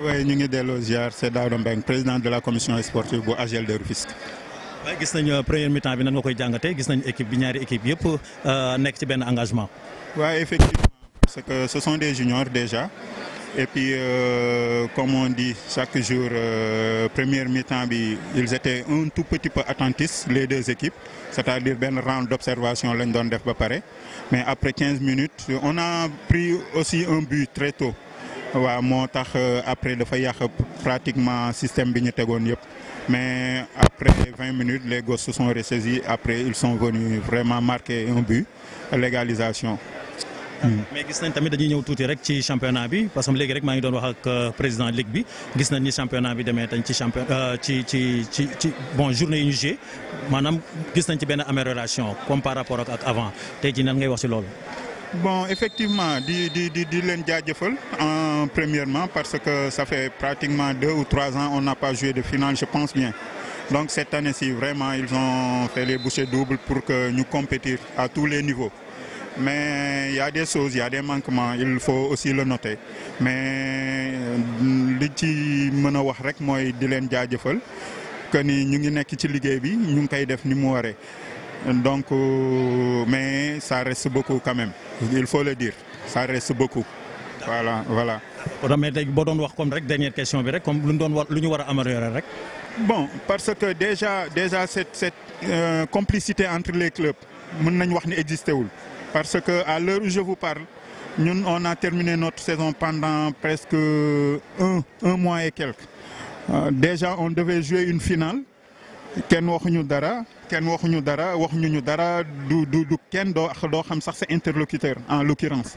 oui nous sommes des ziar c'est Daouda Mbengue président de la commission sportive Pour AGEL de Rufisque. Oui, gis le euh, première mi-temps bi nan nga koy jàngatee gis équipe bi équipe euh, engagement. Oui, effectivement parce que ce sont des juniors déjà et puis euh, comme on dit chaque jour euh, première mi-temps ils étaient un tout petit peu attentifs les deux équipes c'est-à-dire le round d'observation lañ def mais après 15 minutes on a pris aussi un but très tôt waaw moo après euh, après dafa a pratiquement système bi ñu mais après 20 minutes les gosses se sont ressaisis après ils sont venus vraiment marquer un but légalisation. Hmm. mais gis nañ tamit dañuy ñëw tuuti rek ci championnat bi parce que je rek maa ngi doon wax ak euh, président ligue bi gis nañ ni championnat bi demee champion euh, ci ci ci bon journée yi ñu joué maanaam gis amélioration comme par rapport ak avant tey jii nan ngay wax si bon effectivement di di di di leen jaajëfal. Euh, premièrement, parce que ça fait pratiquement deux ou trois ans qu'on n'a pas joué de finale, je pense bien. Donc cette année-ci, vraiment, ils ont fait les bouchées doubles pour que nous compétions à tous les niveaux. Mais il y a des choses, il y a des manquements, il faut aussi le noter. Mais ce euh, ci je wax rek que donc euh, mais ça reste beaucoup quand même il faut le dire ça reste beaucoup voilà voilà. dernière question comme améliorer bon parce que déjà déjà cette euh, complicité entre les clubs nous nañ wax existé parce que à l'heure où je vous parle nous on a terminé notre saison pendant presque un mois et quelques euh, déjà on devait jouer une finale interlocuteur en l'occurrence